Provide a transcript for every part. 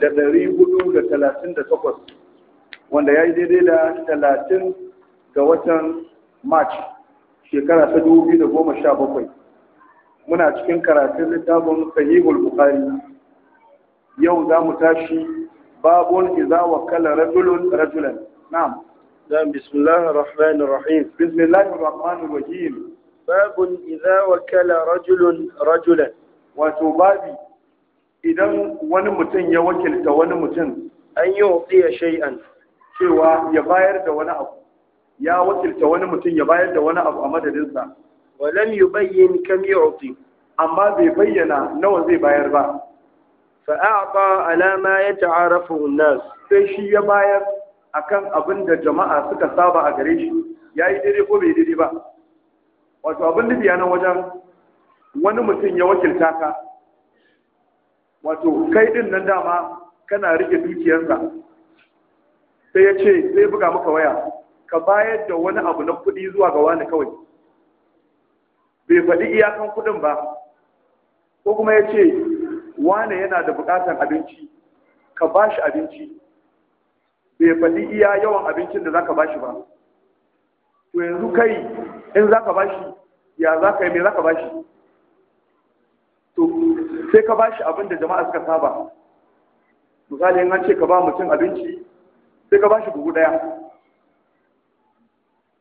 da ɗari hudu da talatin da takwas wanda ya yi daidai da talatin ga watan march shekara ta dubu biyu da goma sha bakwai muna cikin karatun littafin sahihul bukhari yau za mu tashi babun iza kala rajulun rajulan na'am dan bismillahir rahmanir rahim bismillahir rahmanir rahim babun iza kala rajulun rajulan wato babi idan wani mutum ya wakilta wani mutum an yi wasiya shay'an cewa ya bayar da wani abu ya wakilta wani mutum ya bayar da wani abu a madadinsa walam yubayyin kam yu'ti amma bai bayyana nawa zai bayar ba fa a'ta ala ma yata'arafu an-nas sai shi ya bayar akan abin da jama'a suka saba a gare shi yayi dare ko bai dare ba wato abin da biya nan wajen wani mutum ya wakilta ka wato kai din nan dama kana rike dukiyarsa sai ya ce sai buga maka waya ka bayar da wani abu na kuɗi zuwa ga wani kawai bai faɗi iyakan kuɗin ba ko kuma ya ce Wani yana da buƙatar abinci ka ba shi abinci bai faɗi iya yawan abincin da za ba shi ba to yanzu kai in za ba shi ya za yi mai za ba shi to sai ka bashi abin da jama'a suka saba misali in an ce ka ba mutum abinci sai ka bashi dubu daya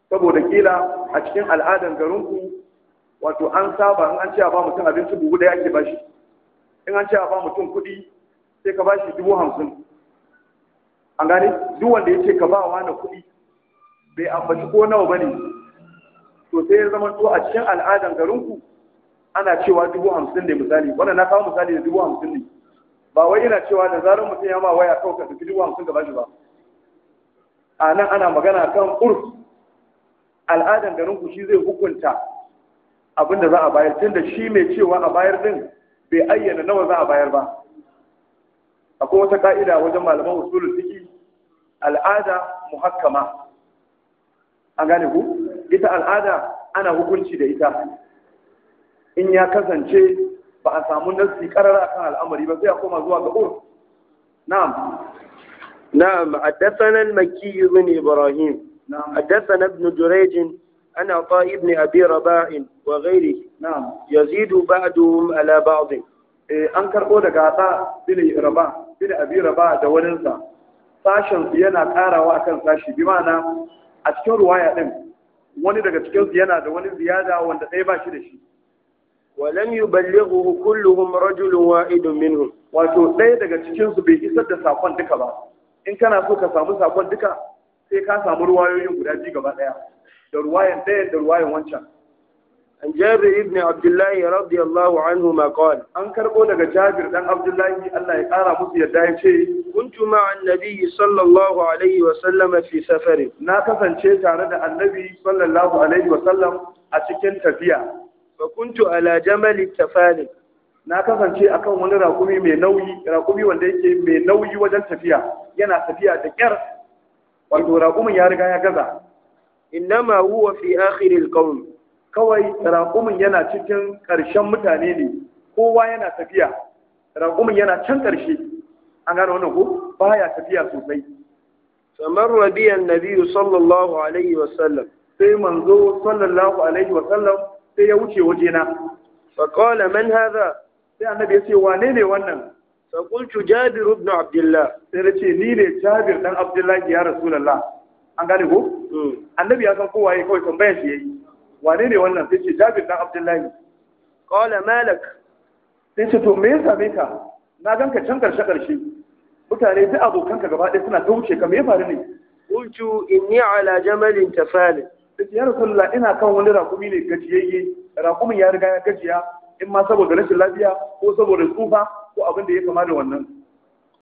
saboda kila a cikin al'adan garinku wato an saba in an ce a ba mutum abinci dubu daya ake bashi in an ce a ba mutum kuɗi sai ka bashi dubu hamsin an gane duk wanda ya ce ka ba wa na kuɗi bai ambaci ko nawa ba ne to sai ya zama to a cikin al'adan garinku ana cewa dubu hamsin ne misali wannan na kawo misali da dubu hamsin ne ba wai yana cewa da zarar mutum ya ma waya kawai ka tafi dubu hamsin gaba shi ba a nan ana magana kan urf al'adan garin ku shi zai hukunta abin da za a bayar tunda shi mai cewa a bayar din bai ayyana nawa za a bayar ba akwai wata ka'ida wajen malaman usulul fiqi al'ada muhakkama an gane ku ita al'ada ana hukunci da ita in ya kasance ba a samu nassi karara kan al'amari ba sai a koma zuwa ga ur na'am na'am haddathana al-makki ibn ibrahim A na'am haddathana ibn jurayj an ata ibn abi rabah wa ghayrihi na'am yazidu ba'duhum ala ba'd eh, an karbo daga ta bin rabah bin abi da waninsa sashen su yana karawa akan sashi bi ma'ana a cikin ruwaya din wani daga cikinsu yana da wani ziyada wanda ɗaya ba shi da shi walam yuballighu kulluhum rajulun wa'idun minhum wato ɗaya daga cikin su bai isar da sakon duka ba in kana so ka samu sakon duka sai ka samu ruwayoyin guda biyu gaba ɗaya da ruwayan ɗaya da ruwayan wancan an jabir ibn abdullahi radiyallahu anhu ma qala an karbo daga jabir dan abdullahi Allah ya kara musu yadda ya ce kuntu ma annabi sallallahu alaihi wa sallam fi safarin na kasance tare da annabi sallallahu alaihi wa sallam a cikin tafiya fa kuntu ala jamal tafali na kasance akan wani rakumi mai nauyi rakumi wanda yake mai nauyi wajen tafiya yana tafiya da kyar wato rakumin ya riga ya gaza innama huwa fi akhiril qawm kawai rakumin yana cikin karshen mutane ne kowa yana tafiya rakumin yana can karshe an gano wannan ko baya tafiya sosai samar rabiyan nabiyyu sallallahu alaihi wasallam sai manzo sallallahu alaihi wasallam sai ya wuce wajena fa qala man hadha sai annabi ya ce wane ne wannan fa qultu jabir ibn abdullah sai ya ce ni ne jabir dan abdullah ya rasulullah an gane ko hmm. annabi ya san kowa yayi kawai tambayar shi yayi wane ne wannan sai ce jabir dan abdullah qala malak sai ce to me ya same ka na ganka can karshe karshe mutane duk abokanka gaba ɗaya suna ta wuce ka me ya faru ne qultu inni ala jamalin tafalin ya rasulullah ina kan wani rakumi ne gajiyayye rakumin ya riga ya gajiya in ma saboda rashin lafiya ko saboda tsufa ko abin da ya kama da wannan